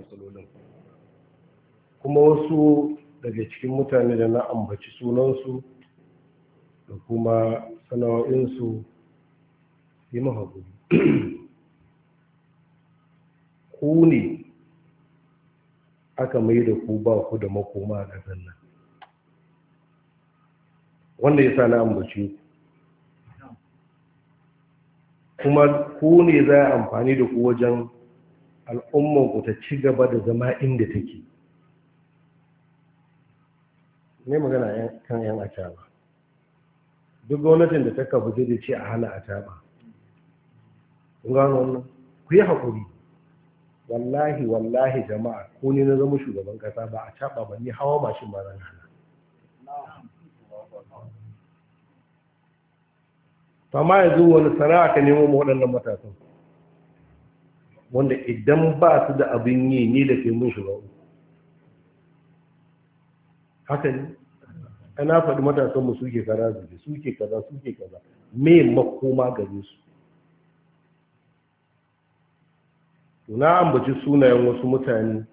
matsalolin kuma wasu daga cikin mutane da na ambaci sunansu da kuma sana'o'insu yi mahaƙuri ku ne aka mai da ku ba ku da makoma a ƙasar nan wanda ya sa na ambaci kuma ku ne za a amfani da ku wajen al'umman ku ta ci gaba da zama inda take ne magana kan yan acaba duk gwamnatin da ta kafa zai ce a hana acaba kun gano wannan ku yi haƙuri wallahi wallahi jama'a ko ne na zama shugaban kasa ba a caɓa ba ni hawa mashin ba zan hana amma yanzu wani sana'a ka nemo waɗannan matasan wanda idan ba su da abin yi ne da ke mun shiga uku haka ne ana faɗi matasan mu suke kaza suke suke kaza suke kaza me makoma gare su na ambaci sunayen wasu mutane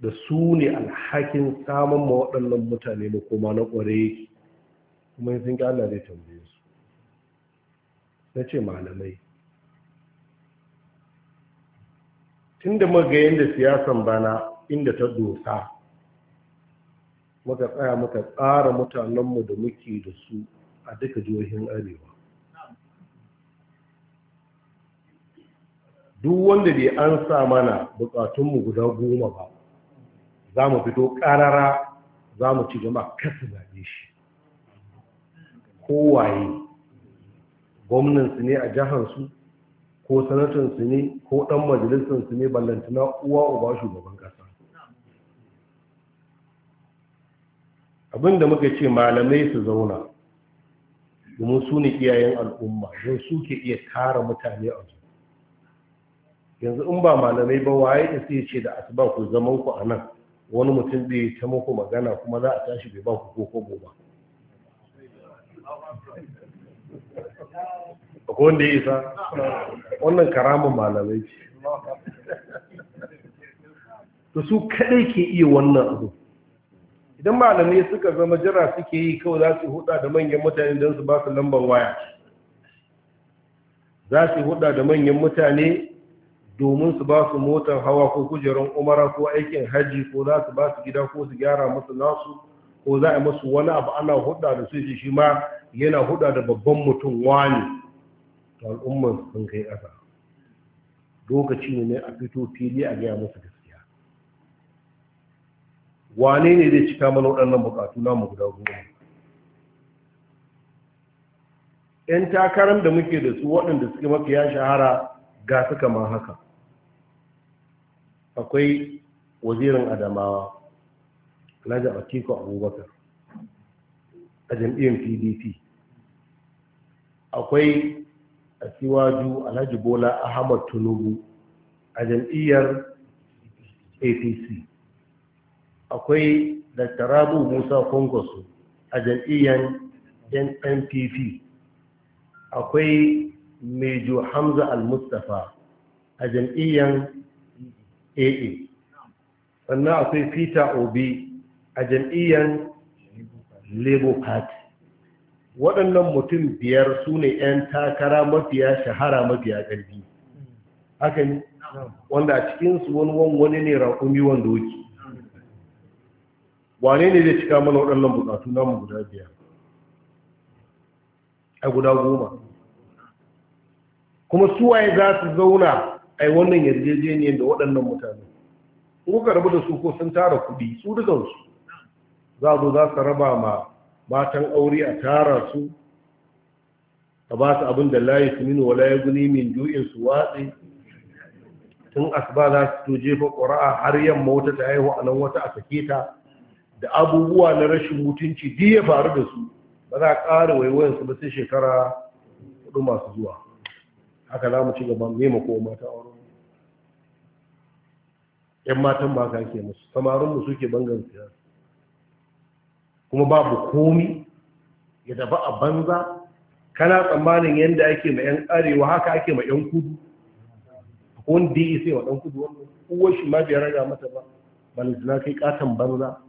da su ne alhakin samun ma waɗannan mutane da kuma na ƙware kuma sun ƙi Allah zai tambaye su na ce malamai tun da muka yadda siyasan bana inda ta dota muka tsaya muka tsara mutanenmu da muke da su a duka jihohin arewa duk wanda bai an sa mana bukatunmu guda goma ba za mu fito karara za mu ci gama kasa zaɓe shi kowaye gwamnansu ne a jihansu ko sanatansu ne ko ɗan majalisansu ne ballantana uwa uba shugaban ƙasa da muka ce malamai su zauna domin su ne iyayen al'umma don su ke iya tara mutane a zuwa yanzu in ba malamai ba waye da su ce da asuba ku zaman ku a nan wani mutum bai ta muku magana kuma za a tashi bai ba ku ko ko ba ko wanda ya isa wannan karamin malamai ce to su kadai ke iya wannan abu idan malamai suka zama jira suke yi kawai za su huda da manyan mutane don su ba su lambar waya za su huda da manyan mutane domin su ba su motar hawa ko kujerun umara ko aikin hajji ko za su ba su gida ko su gyara musu nasu ko za a masu wani abu ana huda da su shi ma yana huda da babban mutum wani al'umman sun kai ƙasa lokaci ne a fito fili a gaya musu gaskiya wane ne zai cika mana waɗannan buƙatu na mu guda goma yan takarar da muke da su waɗanda suke mafiya shahara ga su kama haka akwai wazirin adamawa alhaji atiku abubakar a jam'iyyar pdp akwai a siwaju alhaji bola ahmad tinubu a jam'iyyar apc akwai dr rabu musa kongosu a jam'iyyar NNPP. akwai mejo hamza al-mustapha a jam'iyyar aa sannan akwai peter obi a jam'iyyar labour party waɗannan mutum biyar su ne 'yan takara mafiya shahara mafiya ƙarfi haka ne wanda a cikinsu wani wani ne raƙumi wanda wuce wane ne zai cika mana waɗannan buƙatu namu guda biyar a guda goma kuma suwaye za su zauna a yi wannan yarjejeniyar da waɗannan mutane kuka rabu da su ko sun tara kuɗi su dukansu za zo za su raba ma matan aure a tara su a ba su abin da layi su min wala ya guni min ju'in su watsi tun asuba za su to jefa ƙura'a har yamma wata ta haihu a nan wata a sake ta da abubuwa na rashin mutunci duk ya faru da su ba za a ƙara su ba sai shekara hudu masu zuwa haka za mu ci gaba nema ko mata aure yan matan ba ka ke musu samarin mu suke bangan siyasa kuma babu komi ya tafi a banza kana tsammanin yadda ake ma 'yan arewa haka ake ma 'yan kudu wanda ya isa wa ɗan kudu wannan kuwa shi ma biya raga mata ba zina kai katon banza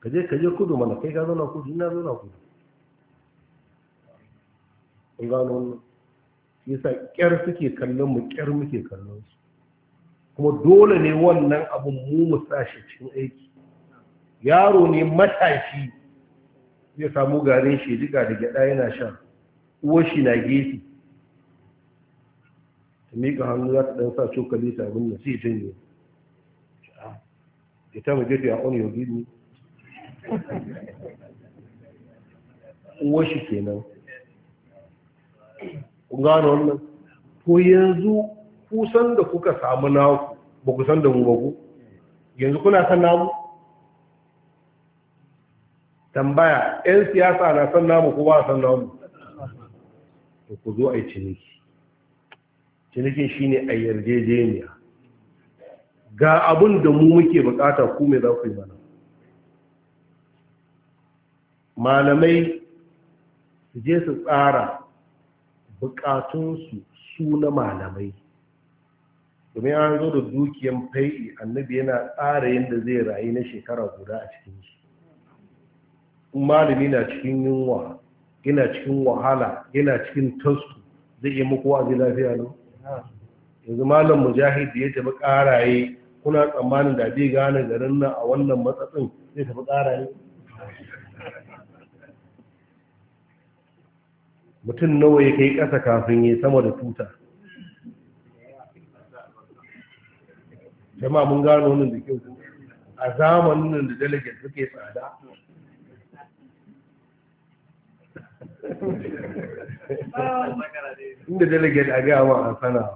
ka je ka je kudu mana kai ka zauna kudu ina zauna kudu in gano wannan yasa ƙyar suke kallon mu ƙyar muke kallon su kuma dole ne wannan abun mu mu sa shi cikin aiki yaro ne matashi zai samu garin shi duka da gyada yana sha uwar shi na gefe ta miƙa hannu za ta ɗan sa cokali ta abin da sai janye ya ta majefi a on your gini uwar shi kenan kun gano wannan ko yanzu kusan da kuka samu naku ba ku san da mu ba ku yanzu kuna san namu tambaya 'yan siyasa na san namu ko ba san namu to ku zo a yi ciniki cinikin ne a yarjejeniya ga abin da mu muke bukata ku me za ku yi mana malamai su je su tsara bukatunsu su na malamai domin an zo da dukiyan fai'i annabi yana tsara yadda zai rayu na shekara guda a cikin shi malami na cikin yunwa yana cikin wahala yana cikin tasku zai yi muku wa'azi lafiya ne yanzu malam mujahid ya tafi karaye kuna tsammanin da bai gane garin nan a wannan matsatsin zai tafi karaye mutum nawa ya kai ƙasa kafin ya sama da tuta jama'a mun gano nan da kyau a zamanin da delegate suke tsada inda delegate a wa a sana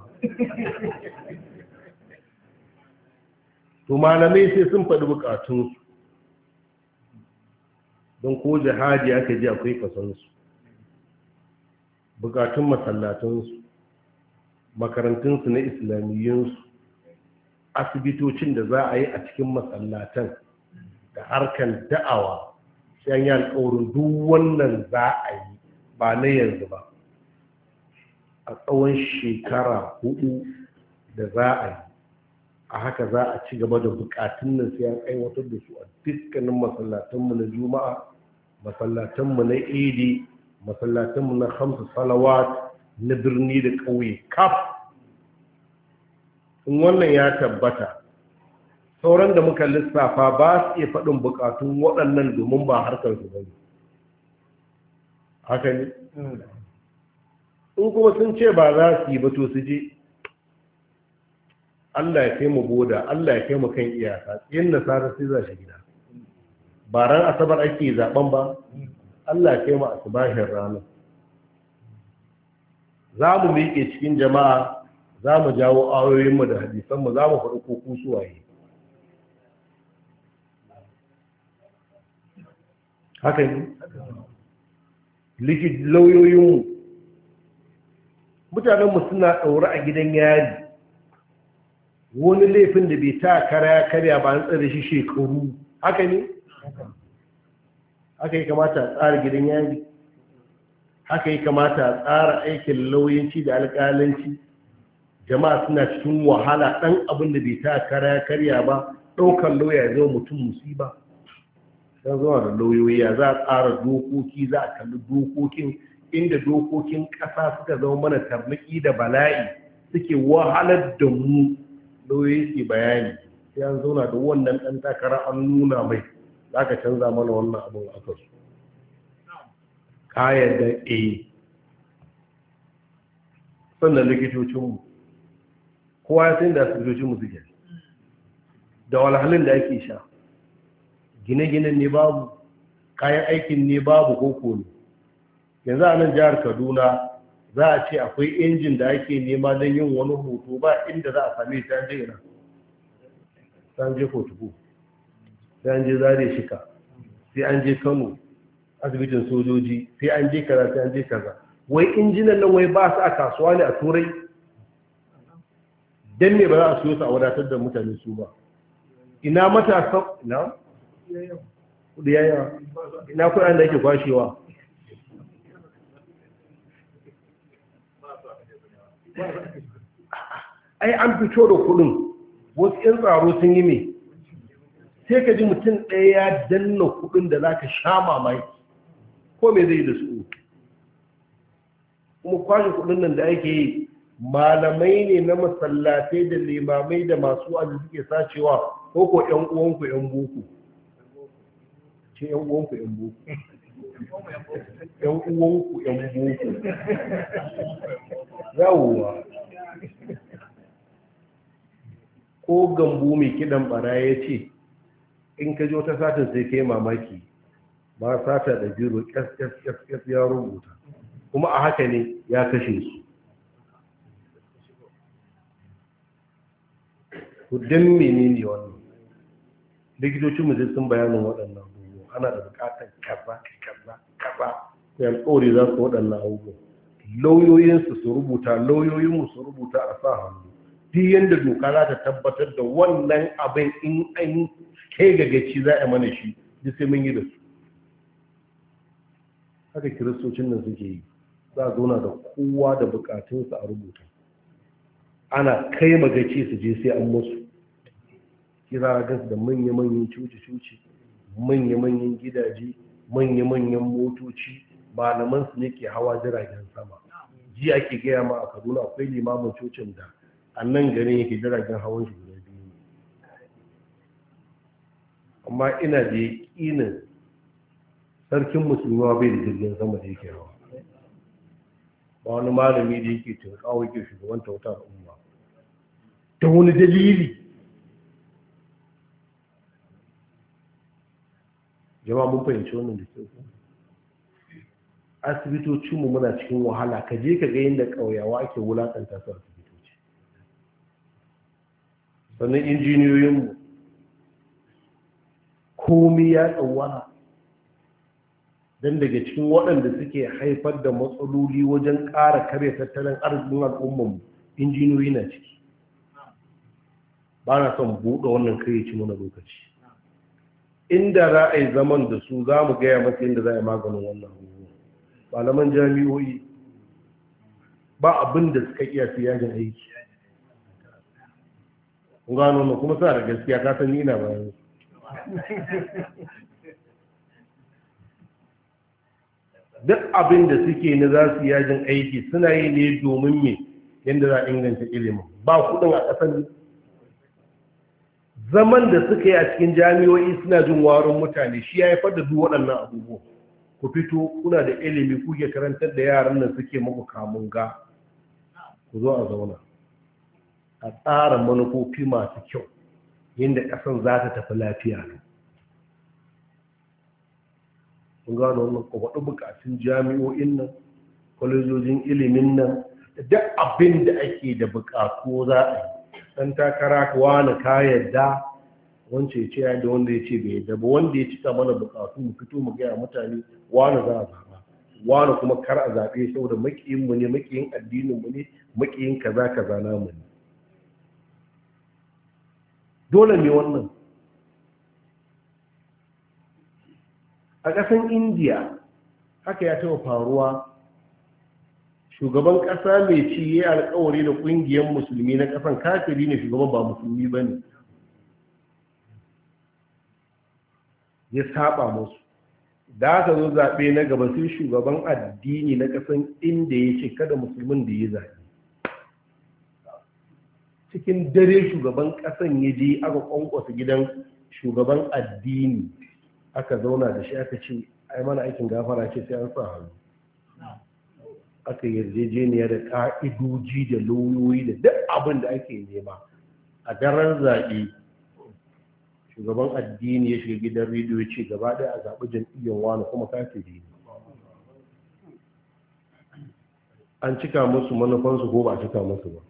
to malamai sai sun faɗi bukatunsu don ko jihadi aka ji akwai kasansu bukatun masallatunsu, makarantunsu na islamiyyunsu asibitocin da za a yi a cikin masallatan da harkar da'awa sai an yi alkawarin duk wannan za a yi ba na yanzu ba a tsawon shekara hudu da za a yi a haka za a ci gaba da bukatun nan sai an aiwatar da su a dukkanin masallatanmu na juma'a masallatanmu na idi masallatanmu na hamsa salawat na birni da ƙauye kaf in wannan ya tabbata sauran da muka lissafa ba su iya faɗin bukatun waɗannan domin ba harkar su bane haka ne hmm. in kuma sun ce ba za su yi ba to su je Allah ya kai mu boda Allah ya kai mu kan iyaka yin nasara sai za shi gida ba ran asabar ake zaben ba Allah ya kai mu asibahin ranar za mu miƙe cikin jama'a za mu jawo ayoyinmu da hadisanmu za mu faɗi ko suwaye haka ne lauyoyinmu mutanenmu suna ɗaure a gidan yari wani laifin da bai ta karya karya ba an tsare shi shekaru haka ne? haka yi kamata a tsara gidan yari haka yi kamata a tsara aikin lauyanci da alƙalanci jama'a suna cikin wahala ɗan abin da bai ta karya karya ba ɗaukar lauya zai mutum musiba don zuwa da lauyoyi ya za a tsara dokoki za a kalli dokokin inda dokokin ƙasa suka zama mana tarniki da bala'i suke wahalar da mu lauyoyi ke bayani sai an zauna da wannan ɗan takara an nuna mai za ka canza mana wannan abin a kasu kayan da a eh. sannan likitocinmu kowa ya sai da likitocinmu suke da walhalin da ake sha gine-ginen ne babu kayan aikin ne babu koko ne yanzu a nan jihar kaduna za a ce akwai injin da ake nema don yin wani hoto ba inda za a sami ta je ina san an je kotuku sai an je zare shika sai an je kano asibitin sojoji sai an je kaza sai an je kaza wai injinan nan wai ba su a kasuwa ne a turai don ne ba za a siyo su a wadatar da mutane su ba ina matasa ina kudi ina da kwashewa ai an fito da kudin wasu 'yan tsaro sun yi mai sai ka ji mutum ɗaya ya danna kudin da za ka sha mamaye? ko mai zai da su kuma kwashe kudin nan da ake yi malamai ne na masallatai da limamai da masu aji suke sacewa ko ko 'yan uwanku 'yan boko ce yan uwanku yan é yan uwanku yan o ovo. ko gambo mai kidan bara ya ce in ka ji wata satin sai ka yi mamaki ba sata da biro kyas ya rubuta kuma a haka ne ya kashe su ku don menene wannan likitocinmu sun bayanin waɗannan ana da bukatar kaza kaza kaza ya alƙawari za su waɗannan abubuwan. lauyoyinsu su rubuta lauyoyinmu su rubuta a sa hannu ti yadda doka za ta tabbatar da wannan abin in an kai ga gaci za a mana shi ji sai mun yi da su haka kiristocin nan suke yi za a zauna da kowa da bukatunsa a rubuta ana kai magaci su je sai an musu kira ga da manya-manyan cuci-cuci manya-manyan gidaje manya-manyan motoci malaman su ne ke hawa jiragen sama ji ake gaya ma a kaduna akwai limamin cocin da a nan garin yake jiragen hawan shi guda biyu amma ina da yaƙinin sarkin musulma bai da jirgin sama da yake hawa ba wani malami da yake tunkawa yake shugaban tautar umma ta wani dalili jama mun fahimci wannan da kyau asibitocin mu muna cikin wahala ka je ka ga inda ƙauyawa ake wulakanta su asibitoci sannan injiniyoyin mu komi ya tsawara dan daga cikin waɗanda suke haifar da matsaloli wajen ƙara kare tattalin arzikin al'ummar mu injiniyoyi na ciki ba na son buɗe wannan kai ci mana lokaci inda za a yi zaman da su za mu gaya masu inda za a yi maganin wannan abubuwa malaman jami'o'i ba abin da suka iya fiye da aiki gano na kuma sa da gaskiya ka san nina bayan duk abin da suke na za su yajin aiki suna yi ne domin me yadda za a inganta ilimin ba kudin a ƙasar zaman da suka yi a cikin jami'o'i suna jin warin mutane shi ya haifar da duk waɗannan abubuwa ku fito kuna da ilimi kuke karantar da yaran nan suke muku kamun ga ku zo a zauna a tsara manufofi masu kyau yadda ƙasan za ta tafi lafiya ne kun gano wannan kwaɗi bukatun jami'o'in nan kwalejojin ilimin nan duk abin da ake da bukatu za a yi ɗan takara wani ka yadda wance ce ya da wanda ya ce bai yadda ba wanda ya cika mana bukatu mu fito mu gaya mutane wani za a zaba wani kuma kar a zaɓe saboda makiyin mu ne makiyin addinin mu ne makiyin kaza kaza mu ne dole ne wannan a ƙasan indiya haka ya taɓa faruwa shugaban ƙasa mai ci ya alkawari da ƙungiyar musulmi na ƙasan kafiri ne shugaban ba musulmi ba ne ya saba musu da aka zo zaɓe na gaba sai shugaban addini na ƙasan inda ya ce kada musulmin da ya zaɓe cikin dare shugaban ƙasan ya je aka ƙwanƙwasa gidan shugaban addini aka zauna da shi aka ce ai mana aikin gafara ce sai an sa hannu aka yarjejeniya da ka'iduji da lauyoyi da duk abin da ake nema a daren zaɓe shugaban addini ya shiga gidan rediyo ya ce gaba ɗaya a zaɓi jam'iyyar wani kuma kafiri ne an cika musu manufansu ko ba a cika musu ba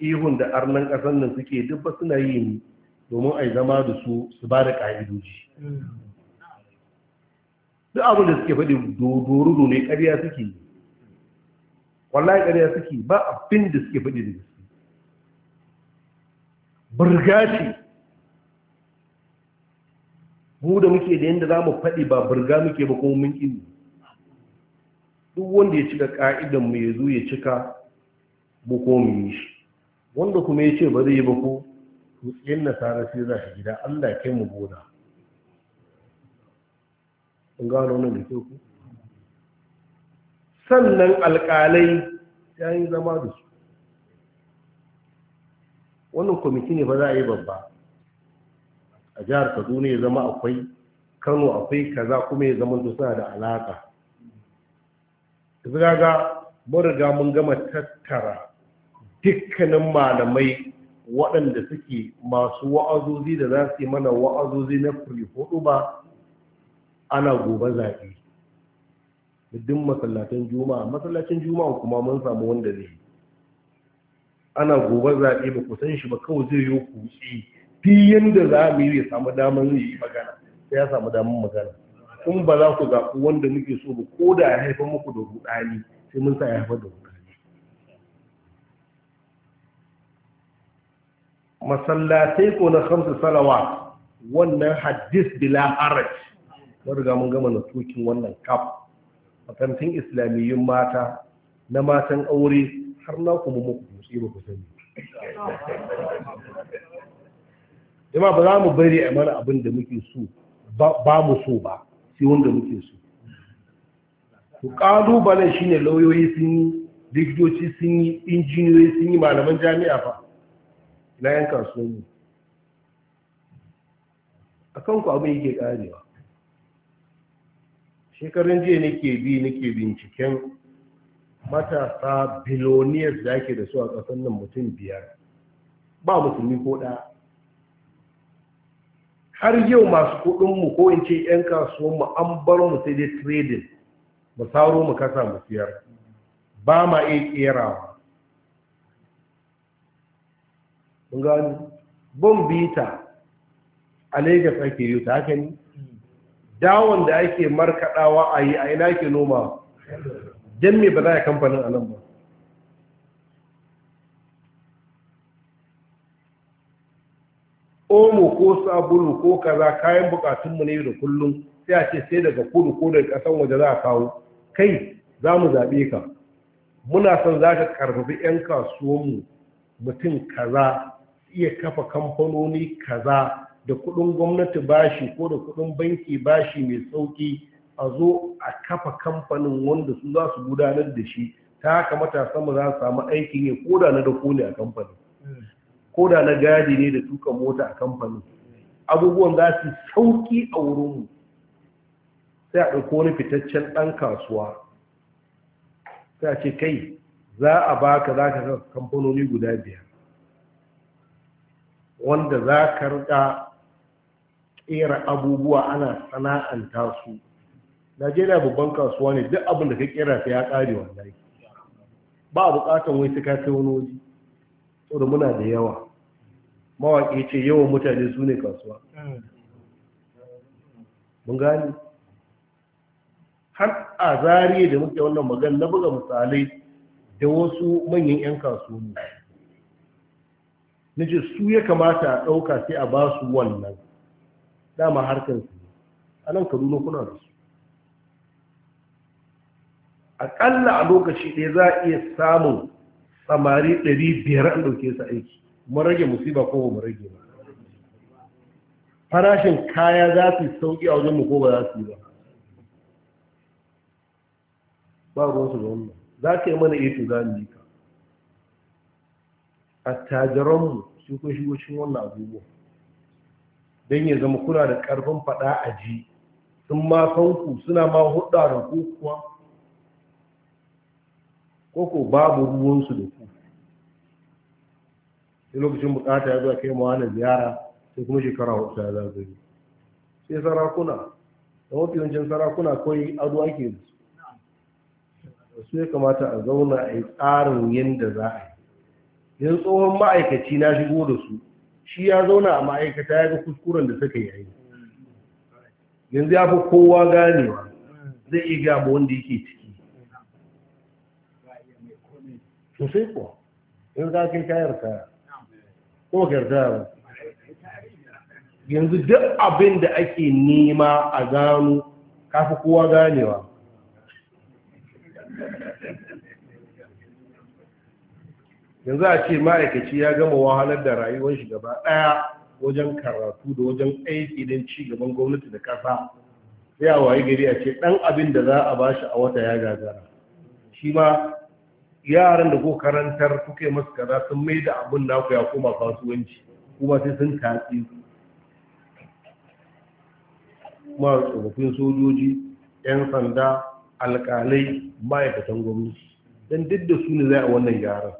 ihun da arnan ƙasar nan suke duk ba suna yi ne domin a zama da su su ba da ƙa'idoji duk abin da suke faɗi dodoro ne ƙarya suke yi wallahi ƙarya suke ba abin da suke faɗi da gaske burga mu da muke da yadda za mu faɗi ba burga muke ba kuma mun ƙi duk wanda ya cika ƙa'idan mu ya zo ya cika mu ko mu yi shi wanda kuma ya ce ba zai yi ba ko to nasara sai za shi gida allah kai mu gona kun gano da kyau ku sannan alƙalai ya yi zama da su wannan kwamiti ne ba za a yi babba a jihar kaduna ya zama akwai kano akwai kaza kuma ya zama da suna da alaƙa zaga mun mun gama tattara dukkanin malamai waɗanda suke masu wa'azozi da za su yi mana wa'azozi na kuri hudu ba ana gobe zaɓe da duk masallatan juma'a masallacin juma'a kuma mun samu wanda zai ana gobe zaɓe ba ku san shi ba kawai zai yi kutsi fi yadda za mu yi samu damar yi magana sai ya samu damar magana Kun ba za ku zaɓi wanda muke so ba ko da ya haifa muku da rudani sai mun sa ya da rudani masallatai ko na hamsu salawa wannan hadis bila haraj wadda ga mun gama na tokin wannan kaf makarantun islamiyyun mata na matan aure har na kuma muku musu ba ku sani jama ba za mu bari a mana abin da muke so ba mu so ba sai wanda muke so to kalubalen shine lauyoyi sun yi likitoci sun yi injiniyoyi sun yi malaman jami'a fa ina yan kasuwanni a kanku abin yake karewa shekarun jiya nake bi nake binciken matasa biloniyar da ake da su a ƙasar nan mutum biyar ba musulmi ko ɗa, har yau masu kuɗinmu ko in ce 'yan kasuwanmu an bar mu sai dai trading mu saro mu kasa mu siyar ba ma iya ƙerawa mun gani bombita a lagos ake yi ta haka ne dawon da ake markaɗawa a yi a ina ke noma jan mai ba za a kamfanin a ba omo ko sabulu ko kaza kayan bukatunmu ne da kullum sai a ce sai daga kudu ko daga ƙasar waje za a kawo kai za mu zaɓe ka muna son za ka karfafi 'yan kasuwanmu mutum kaza iya kafa kamfanoni kaza da kudin gwamnati bashi ko da kudin banki bashi mai sauki a zo a kafa kamfanin wanda su za su gudanar da shi ta haka matasan mu za su samu aikin yi ko da na dako ne a kamfanin ko da na gadi ne da tuka mota a kamfanin abubuwan za su sauki a wurinmu sai a ɗauko wani fitaccen ɗan kasuwa sai a ce kai za a baka za ka kamfanoni guda biyar wanda za ka rika tsera abubuwa ana sana'anta su najeriya babban kasuwa ne duk abin da ka kera sai ya kare wallahi ba a bukatan wai sai ka kai wani waje saboda muna da yawa mawaƙi ce yawan mutane su ne kasuwa mun gani har a zariya da muke wannan magana na buga misalai da wasu manyan 'yan kasuwa na su ya kamata a ɗauka sai a ba su wannan dama harkar su a nan kaduna kuna da su aƙalla a lokaci ɗaya za a iya samun samari ɗari biyar an ɗauke su aiki mun rage musiba ko mu rage ba farashin kaya za su sauƙi a wajen ko ba za su yi ba ba ruwansu da wannan za ka yi mana iya eh za mu yi ka attajiranmu shi ko shi cikin wannan abubuwa don ya zama kuna da ƙarfin faɗa a ji sun ma ku suna ma hudu da ku kuwa koko babu ruwansu da ku sai lokacin bukata ya zuwa kai mawa na ziyara sai kuma shekara hudu ta zagari sai sarakuna da mafi wancan sarakuna kawai adu ake su su ya kamata a zauna a yi tsarin yadda za a yi yin tsohon ma'aikaci na shigo da su shi ya zauna a ma'aikata ya ga kuskuren da suka yi yanzu ya fi kowa ganewa zai iya gaba wanda yake ciki sai ko yanzu ka yi kayar kaya ko karta ba yanzu duk abin da ake nema a gano kafi kowa ganewa yanzu a ce ma'aikaci ya gama wahalar da rayuwar shi gaba ɗaya wajen karatu da wajen aiki don ci gaban gwamnati da ƙasa sai a waye gari a ce ɗan abin da za a ba shi a wata ya gagara shi ma yaran da ko karantar kuke masu kaza sun mai da abin naku ya koma kasuwanci kuma sai sun tatsi kuma tsofaffin sojoji 'yan sanda alkalai ma'aikatan gwamnati don duk da su ne za a wannan yaran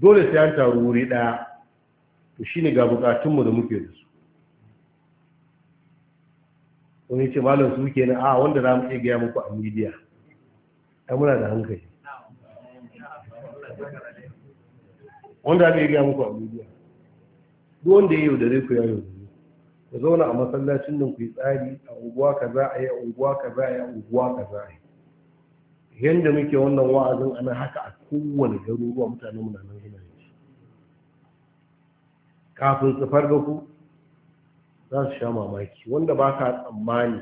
dole sai an taru wuri ɗaya to shi ne ga bukatunmu da muke da su wani ce malam su ke na a wanda za mu iya gaya muku a midiya ai muna da hankali wanda za mu iya gaya muku a midiya duk wanda ya yaudare ku ya yaudare ku zauna a masallacin nan ku yi tsari a unguwa kaza a yi a unguwa kaza a yi a unguwa a yi Yanda muke wannan wa'azin ana haka a kowane garuruwa mutane muna nan suna yi kafin su farga ku za su sha mamaki wanda ba ka tsammani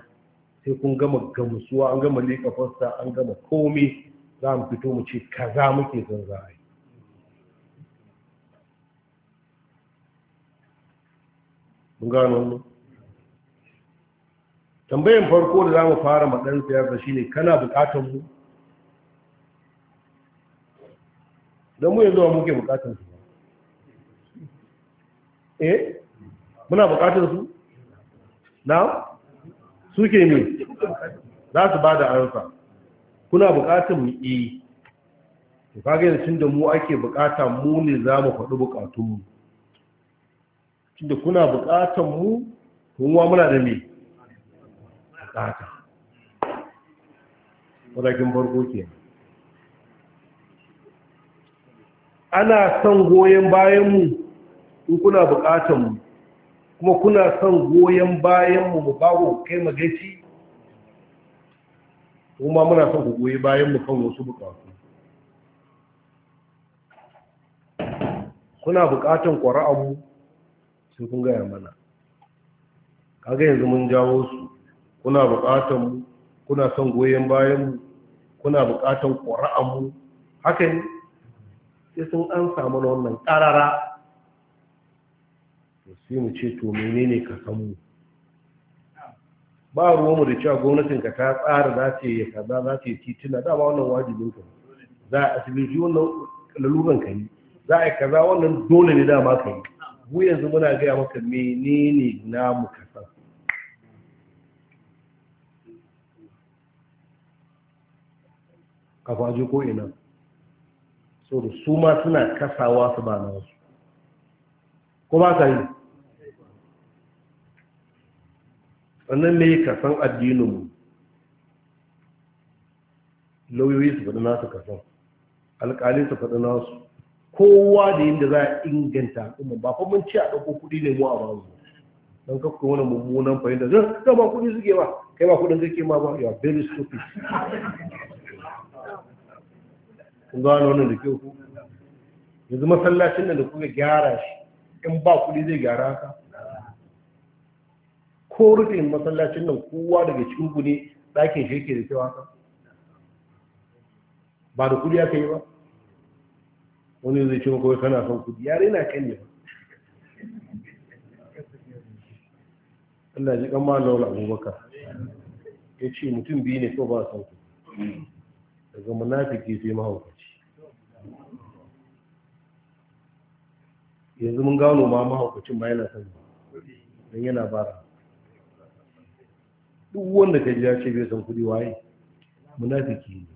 sai kun gama gamsuwa an gama liƙa fasta an gama komi za mu fito mu ce kaza muke son za a yi mun gano mu tambayin farko da za mu fara maɗan siyasa shine kana buƙatar mu don mu yanzu muke bukatar su eh muna bukatar su na suke ne za su ba da kuna bukatar mu yi eh. to kage yanzu da mu ake bukata mu ne za mu faɗi bukatunmu da kuna bukatar mu kunwa muna da me bukata wadakin barko kenan ana son goyon bayanmu in kuna bukatanmu kuma kuna son goyon bayanmu mu ba ku kai magaci kuma muna son ku goyi bayanmu kan wasu bukatu kuna bukatan ƙwara'amu sai kun gaya mana kaga yanzu mun jawo su kuna bukatanmu kuna son goyon bayanmu kuna bukatan ƙwara'amu haka ne sai sun an samu na wannan ƙarara sai mu ce to menene ka san mu ba ruwanmu da cewa ka ta tsara za ta yi kaza za ta yi tituna dama wannan wajibin ka za a asibiti wannan laluran ka yi za a yi kaza wannan dole ne dama ka yi mu yanzu muna gaya maka menene namu ka san kafa ko ina so da su ma suna kasawa su ba na wasu ko ba ka yi sannan ne ka san addininmu lauyoyi su faɗi nasu kasan alƙalin su faɗi nasu kowa da yadda za a inganta al'umma ba fa mun ci a ɗauko kuɗi ne mu a ba mu Dan kakko wani mummunan fahimta zan ba kuɗi suke ba kai ba kuɗin kake ma ba ya very stupid gano wannan da ku yanzu masallacin nan da kuka gyara shi in ba kuɗi zai gyara ka ko rufe masallacin nan kowa daga cikin ku ne ɗakin shi yake da kyau haka ba da kuɗi aka yi ba wani zai ce maka kana son kuɗi yare na kan ne ba Allah ji kan malawar abubakar ya ce mutum biyu ne ko ba son kuɗi daga munafiki sai mahauka. yanzu mun gano ma mahaukacin ma yana sani don yana bara duk wanda ka ya ce bai san kudi waye munafiki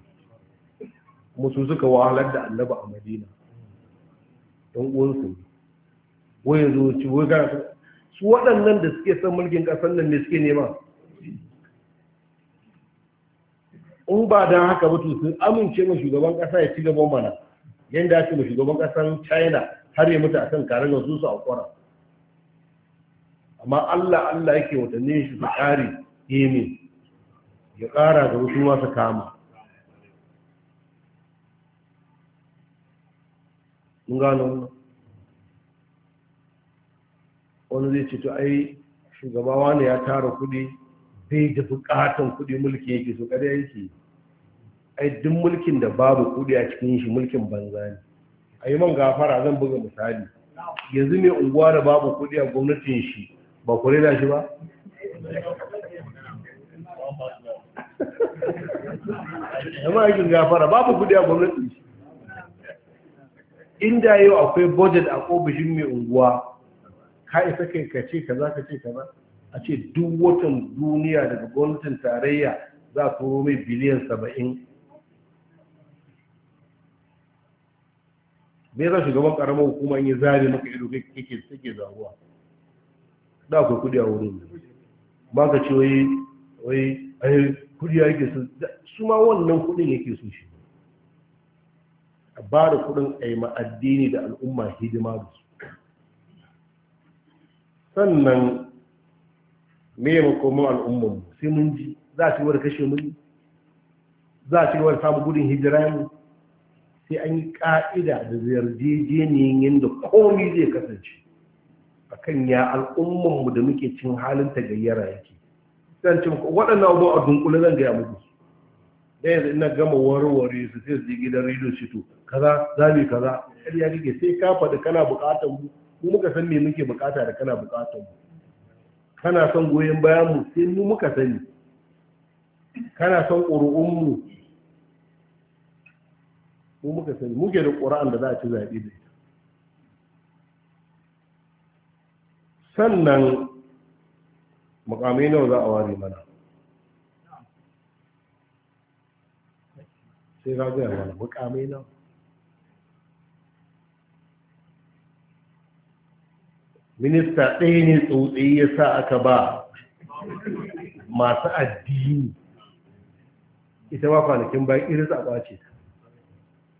ne musu suka wahalar da annaba a madina don uwansu ne wai yanzu ci wai gara su waɗannan da suke san mulkin ƙasar nan ne suke nema in ba don haka ba to sun amince ma shugaban ƙasa ya ci gaban mana yadda ake ma shugaban ƙasar china har ya mutu akan karagar su su a amma Allah Allah yake watanni shi su kare yemi ya kara da wasu masu kama mun gano wani zai ce to ai shugabawa ne ya tara kudi zai da bukatan kudi mulki yake so kada yake ai duk mulkin da babu kudi a cikin shi mulkin banza ne a yi man gafara zan buga misali yanzu ne unguwa da babu kudi a gwamnatin shi ba ku da shi ba yamma aikin gafara babu kudi a gwamnatin shi inda yau akwai budget a ofishin mai unguwa ka isa kai ka ce ka za ka ce ka ba a ce duk watan duniya daga gwamnatin tarayya za a turo mai biliyan saba'in me yasa shugaban karamar hukuma in yi zare maka ido kake suke zaruwa da akwai kudi a wurin ba ka ce wai wai ai kudi yake su su ma wannan kudin yake su shi a ba da kudin ai ma addini da al'umma hidima da su sannan me ya makomin al'umman mu sai mun ji za a ci da kashe mu za a ci gaba da samun gudun hijira mu sai an yi ƙa'ida da yarjejeniyin yadda komi zai kasance a kan ya al'ummanmu da muke cin halin tagayyara yake zan cin waɗannan abubuwa a dunkule zan gaya muku da yanzu ina gama warware su sai su gidan rido shi to kaza za mu kaza ya kake sai ka faɗi kana buƙatar mu mu muka san me muke buƙata da kana buƙatar mu kana son goyon bayan mu sai mu muka sani kana son ƙuri'un mu mu muka sani muke da ƙura'an da za a ci zaɓe da ita sannan mukamai nawa za a ware mana sai ka gaya mana mukamai nawa minista ɗaya ne tsautsayi ya sa aka ba masu addini ita ma kwanakin bayan iris a ɓace ta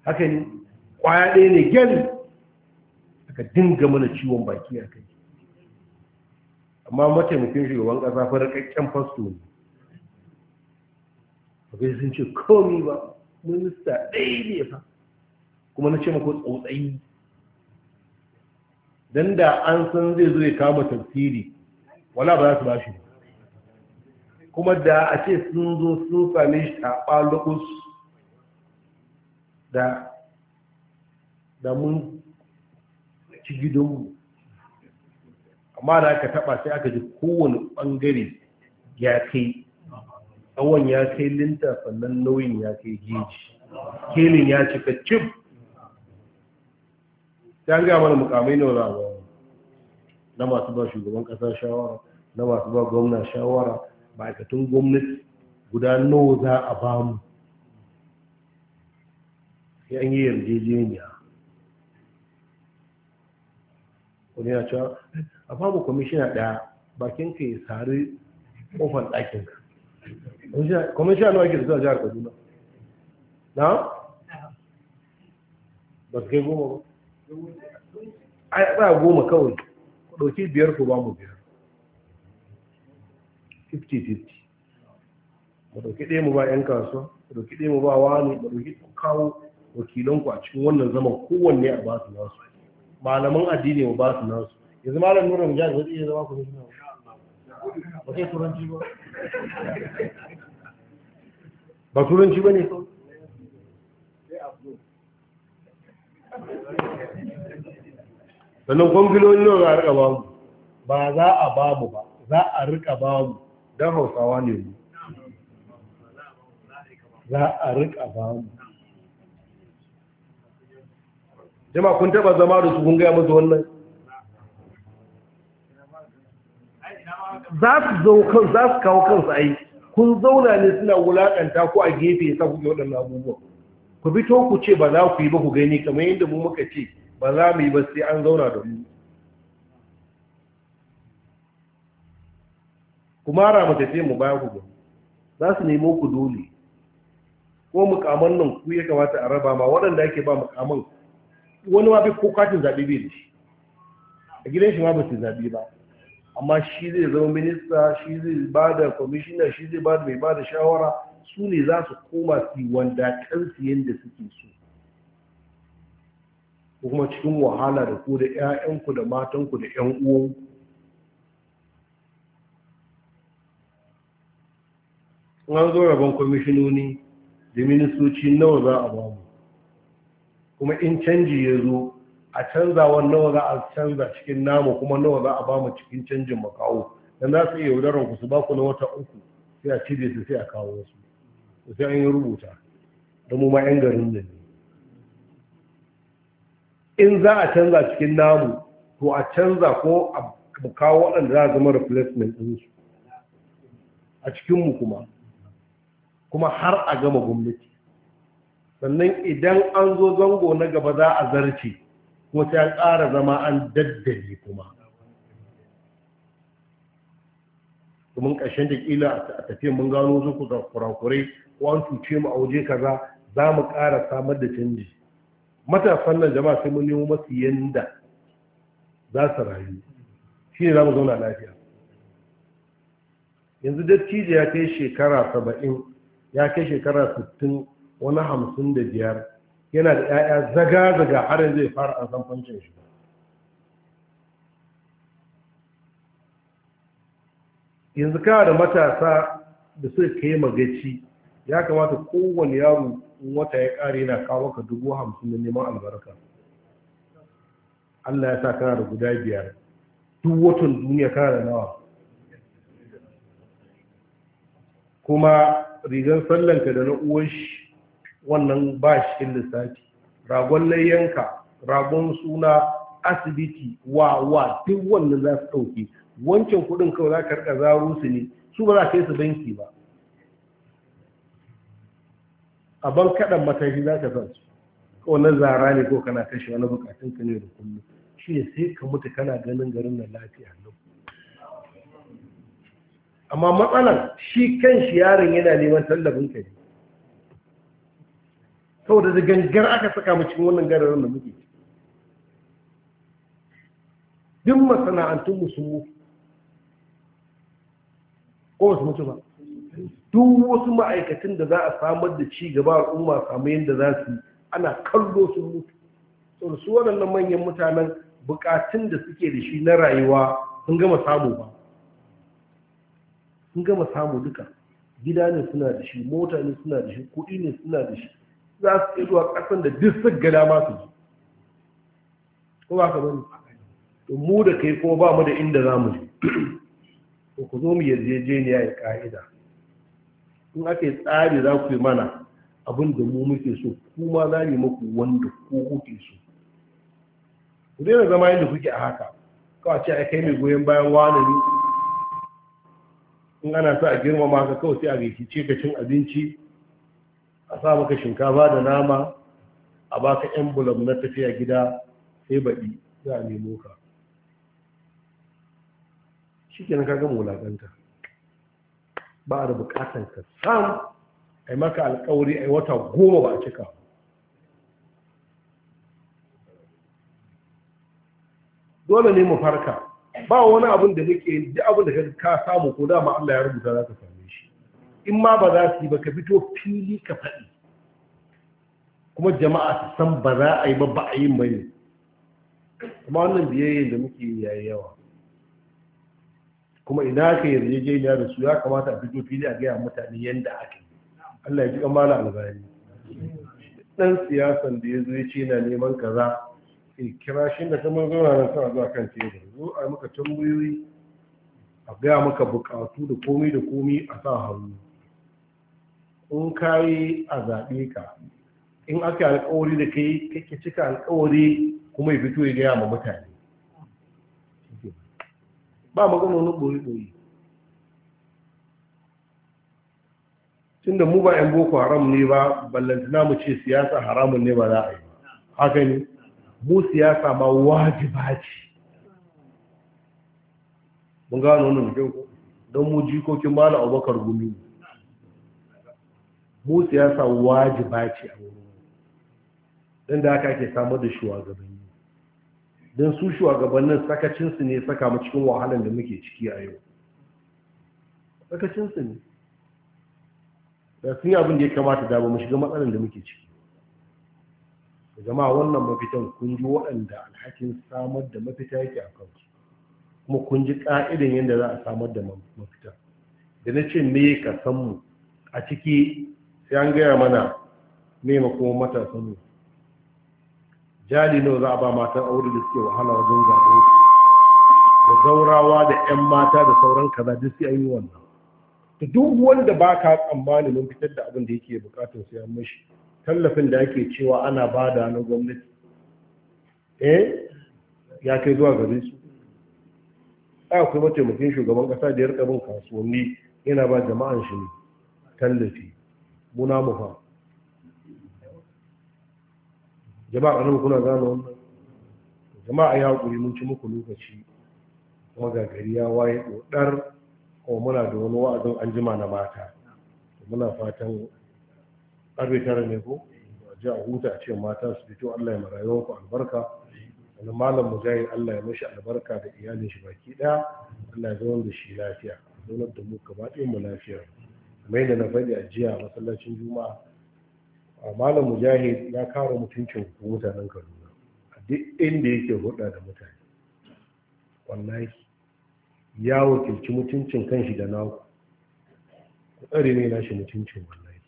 haka ne kwaya ɗaya ne gel aka dinga mana ciwon baki a kai amma mataimakin shugaban ƙasa fara ƙaƙƙen fasto ne akwai sun ce komi ba minista ɗaya ne fa kuma na ce mako tsautsayi don da an san zai zo ya kama tafsiri wala ba za su ba shi kuma da a ce sun zo sun same shi a ɓalokus da da mun ci gidanmu amma da aka taba sai aka ji kowane bangare ya kai tsawon ya kai linta sannan nauyin ya kai geji kelin ya cika cif ta an mana mukamai na wurawa na masu ba shugaban kasa shawara na masu ba gwamna shawara ma'aikatan gwamnati guda nawa za a bamu yan yi yarjejeniya wani ya cewa a famu kwamishina daya bakin ka ya sari kofar ɗakin ka kwamishina nawa ke da zuwa jihar kaduna na ba su kai goma ba a tsaya goma kawai ɗauki biyar ko ba mu biyar 50-50 ba ɗauki ɗaya mu ba 'yan kasuwa ba ɗauki ɗaya mu ba wani ba ɗauki kawo wakilanku a cikin wannan zaman kowanne a ba su nasu malaman addini ba ba su nasu yanzu malam nura mu jari zai iya zama ku zai ba sai turanci ba ba turanci ba ne sannan kwamfilolin yau za a rika bamu ba za a bamu ba za a rika bamu don hausawa ne mu za a rika bamu jama kun taba zama da su kun gaya musu wannan za su zo kan za su kawo kansu ai kun zauna ne suna wulakanta ko a gefe ya sa kuke waɗannan abubuwa ku bi to ku ce ba za ku yi ba ku gani kamar yadda mu muka ce ba za mu yi ba sai an zauna da mu ku mara mu tafi mu baya ku ba za su nemo ku dole ko mukamman nan ku ya kamata a raba ma waɗanda ake ba mukamman. wani wafi ko katin zaɓe bai da shi a gidan shi ma ba su zaɓe ba amma shi zai zama minista shi zai ba da kwamishina shi zai ba da mai ba da shawara su ne za su koma su wanda kan su yadda suke so ko kuma cikin wahala da ku da 'ya'yanku da matanku da 'yan uwanku an zo rabon kwamishinoni da ministoci nawa za a ba kuma in canji ya zo a canzawan nawa za a canza cikin namu kuma nawa za a bamu cikin canjin makawo dan za su iya yaudaran ku su ba ku na wata uku sai a cije su sai a kawo su sai an yi rubuta da mu ma 'yan garin da ne in za a canza cikin namu to a canza ko a kawo waɗanda za a zama replacement ɗinsu a cikinmu kuma kuma har a gama gwamnati sannan idan an zo zango na gaba za a zarce ko sai an ƙara zama an daddare kuma domin ƙarshen da ƙila a tafiya mun gano su ku kurakurai ko an cuce mu a waje kaza za mu ƙara samar da canji matasan nan jama'a sai mun nemo masu yanda za su rayu shi ne za mu zauna lafiya yanzu dattijo ya kai shekara saba'in ya kai shekara sittin wani hamsin da biyar yana da 'ya'ya zaga-zaga har zai fara a san fancin shi yanzu kawo da matasa da suka kai magaci ya kamata kowane yaro wata ya ƙare yana kawo ka dubu hamsin da neman albarka allah ya sa kana da guda biyar duk watan duniya kana da nawa kuma rigar sallanka da na uwan shi wannan ba shi lissafi ragon layyanka ragon suna asibiti wa wa duk wannan za su ɗauke wancan kuɗin kawai za ka rika zaro su ne su ba za ka yi su banki ba a ban kaɗan matashi za ka san su wannan zara ne ko kana kashe wani bukatun ka ne da kullum shi ne sai ka mutu kana ganin garin nan lafiya nan amma matsalan shi kan shi yaron yana neman tallafin ka saboda da gangar aka saka mu cikin wannan gararin da muke duk masana'antun musulmi sun ko wasu mutu ba duk wasu ma'aikatan da za a samar da ci gaba al'umma samu yadda za su yi, ana kallo sun mutu saboda su waɗannan manyan mutanen bukatun da suke da shi na rayuwa sun gama samu ba sun gama samu duka gida ne suna da shi mota ne suna da shi kuɗi ne suna da shi za su iya zuwa ƙasan da duk sun gada masu ji ko ba ka bani mu da kai ko ba mu da inda za mu je Ko ku zo mu yarjejeniya ya ƙa'ida in aka yi tsari za ku yi mana abin da mu muke so kuma za mu muku wanda ko kuke so ku daina zama yadda kuke a haka kawai ce a kai mai goyon bayan wani ne in ana sa a girmama ka kawai sai a gaishe ce ka cin abinci a sa maka shinkafa da nama a baka emblem na tafiya gida sai baɗi za a nemo ka shi ke ka gama wulaƙanta ba da buƙatar ka sam a maka alƙawari a wata goma ba a cika dole ne mu farka ba wani abin da muke duk abin da ka samu ko dama Allah ya rubuta za ka samu in ma ba za su yi ba ka fito fili ka faɗi kuma jama'a su san ba za a yi ba ba a yi mai kuma wannan biyayyen da muke yayi yawa kuma ina ka yarjejeniya da su ya kamata a fito fili a gaya mutane yadda aka yi Allah ya ji kamala albani dan siyasan da ya zo ya ce na neman kaza sai kira shi da kamar zuwa nan a zuwa kan tebur zo a maka tambayoyi a gaya maka bukatu da komi da komi a sa hannu in ka a zaɓe ka in aka alkawari da kai kake cika alkawari kuma ya fito ya gaya ma mutane ba magana wani ɓoye-ɓoye tun da mu ba 'yan boko haram ne ba ballantana mu ce siyasa haramun ne ba za a yi haka ne mu siyasa ma wajiba ce mun gano wani da don mu jikokin mala abubakar gumi ne mu siyasa wajiba ce a wurin don da haka ake samar da shugabanni don su shugabannin sakacinsu ne saka mu cikin wahalar da muke ciki a yau sakacinsu ne da sun yi abin da ya kamata da ba mu shiga matsalar da muke ciki jama'a wannan mafitan kun ji waɗanda alhakin samar da mafita yake a kansu kuma kun ji ƙa'idan yadda za a samar da mafita da na ce me ka san mu a ciki ya gaya mana nema kuma matasan ne. jali nawa za a ba matan aure da suke wahala wajen zaɓe da zaurawa da 'yan mata da sauran kaza duk sai an yi wannan da duk wanda ba ka tsammani mun fitar da abin da yake bukatar sai an mashi tallafin da ake cewa ana ba da na gwamnati eh ya kai zuwa gare su a akwai mataimakin shugaban kasa da ya bin kasuwanni yana ba jama'an shi ne tallafi muna mufa jama'a nan kuna gano wannan jama'a ya haƙuri mun ci muku lokaci kuma ga gari ya waye ɗodar kuma muna da wani wa'azin an jima na mata muna fatan ƙarfe tara ne ko ji a huta ce mata su fito allah ya marayuwar ku albarka wani malam mujahid allah ya mashi albarka da iyalin shi baki ɗaya allah ya zama da shi lafiya zaunar da mu gaba ɗayan mu lafiya Mai da na faɗi a jiya masallacin juma'a A malam mujahid ya kawo mutuncin mutanen kaduna a duk inda yake hudu da mutane wallahi ya wakilci mutuncin kan shi da naku ku ne nashi mutuncin wallahi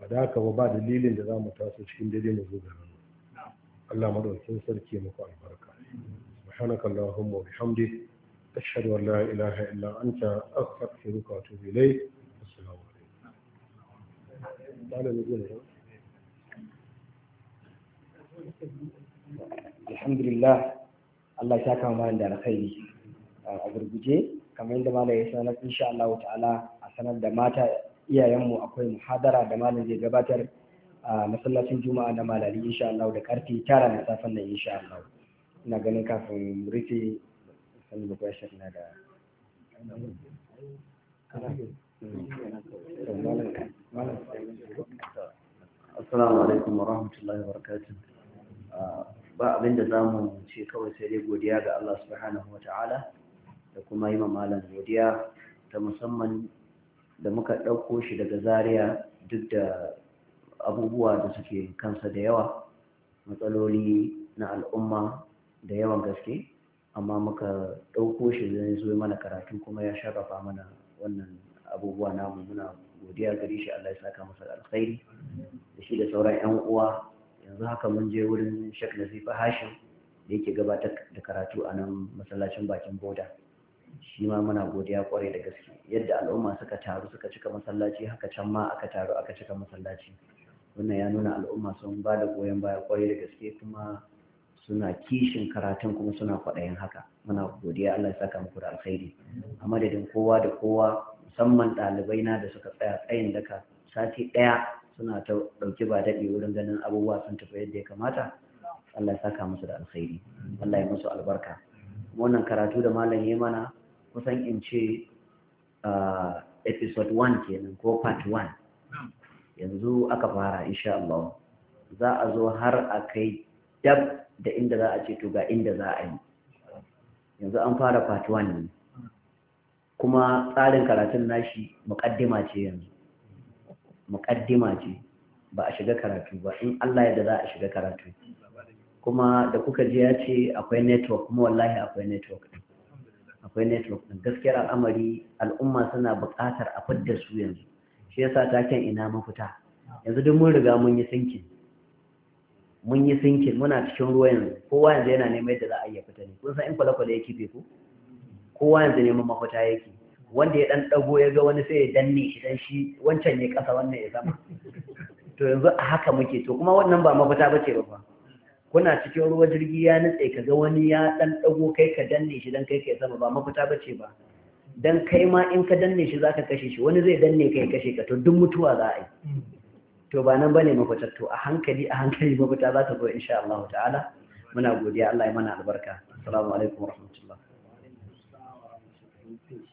ba da haka ba ba dalilin da za mu taso cikin daidai mu zo garin Allah madaukakin sarki ya muku albarka subhanaka kalla wa bihamdik ashhadu an la ilaha illa anta astaghfiruka wa alhamdulillah Allah ya saka da alkhairi gurguje kamar ya sanar insha ta'ala a sanar da mata akwai muhadara da malam zai gabatar a masallacin juma'a na malali insha Allah da karfe tara na safen nan insha Allah ina ganin kafin rufe na da Assalamu alaikum wa rahmatullahi wa barakatun. Ah, ba abin da mu ce kawai sai dai godiya ga Allah subhanahu wa ta'ala da kuma yi malam godiya ta musamman da muka ɗauko shi daga zariya duk da abubuwa da suke kansa da yawa matsaloli na al'umma da yawan gaske amma muka ɗauko shi zai zo mana karatu kuma ya sharafa mana wannan abubuwa namu muna godiya gare shi Allah ya saka masa da alkhairi da shi da sauran yan uwa yanzu haka mun je wurin Sheikh Nazifa Hashim da yake gabatar da karatu a nan masallacin bakin boda shi ma muna godiya kwarai da gaske yadda al'umma suka taru suka cika masallaci haka can ma aka taru aka cika masallaci wannan ya nuna al'umma sun ba da goyon baya kwarai da gaske kuma suna kishin karatun kuma suna kwaɗayin haka muna godiya Allah ya saka muku da alkhairi a madadin kowa da kowa musamman ɗalibai na da suka tsaya tsayin daka sati ɗaya suna ta ɗauki ba daɗi wurin ganin abubuwa sun tafi yadda ya kamata Allah ya saka musu da alkhairi Allah ya musu albarka wannan karatu da malam ya mana kusan in ce episode 1 kenan ko part 1 yanzu aka fara insha Allah za a zo har a kai dab da inda za a ce to ga inda za a yi yanzu an fara part 1 ne kuma tsarin karatun nashi muƙaddima ce yanzu muƙaddima ce ba a shiga karatu ba in Allah ya da za a shiga karatu kuma da kuka ji ya ce akwai network kuma wallahi akwai network akwai network din gaskiyar al'amari al'umma suna buƙatar a fidda su yanzu shi yasa taken ina mafita yanzu duk mun riga mun yi sinkin mun yi sinkin muna cikin ruwa yanzu kowa yanzu yana neman yadda za a iya fita ne kun san in kwale-kwale ya kife ko kowa yanzu neman mafita yake wanda ya dan dago ya ga wani sai ya danne shi dan shi wancan ya kasa wannan ya zama. to yanzu a haka muke to kuma wannan ba mafita bace ba kuna cikin ruwa jirgi ya nutse ka ga wani ya dan dago kai ka danne shi dan kai ka sama ba mafita bace ba dan kai ma in ka danne shi zaka kashe shi wani zai danne kai kashe ka to duk mutuwa za a yi to ba nan bane mafitar to a hankali a hankali mafita za ta zo insha Allah ta'ala muna godiya Allah ya mana albarka assalamu alaikum warahmatullahi in peace.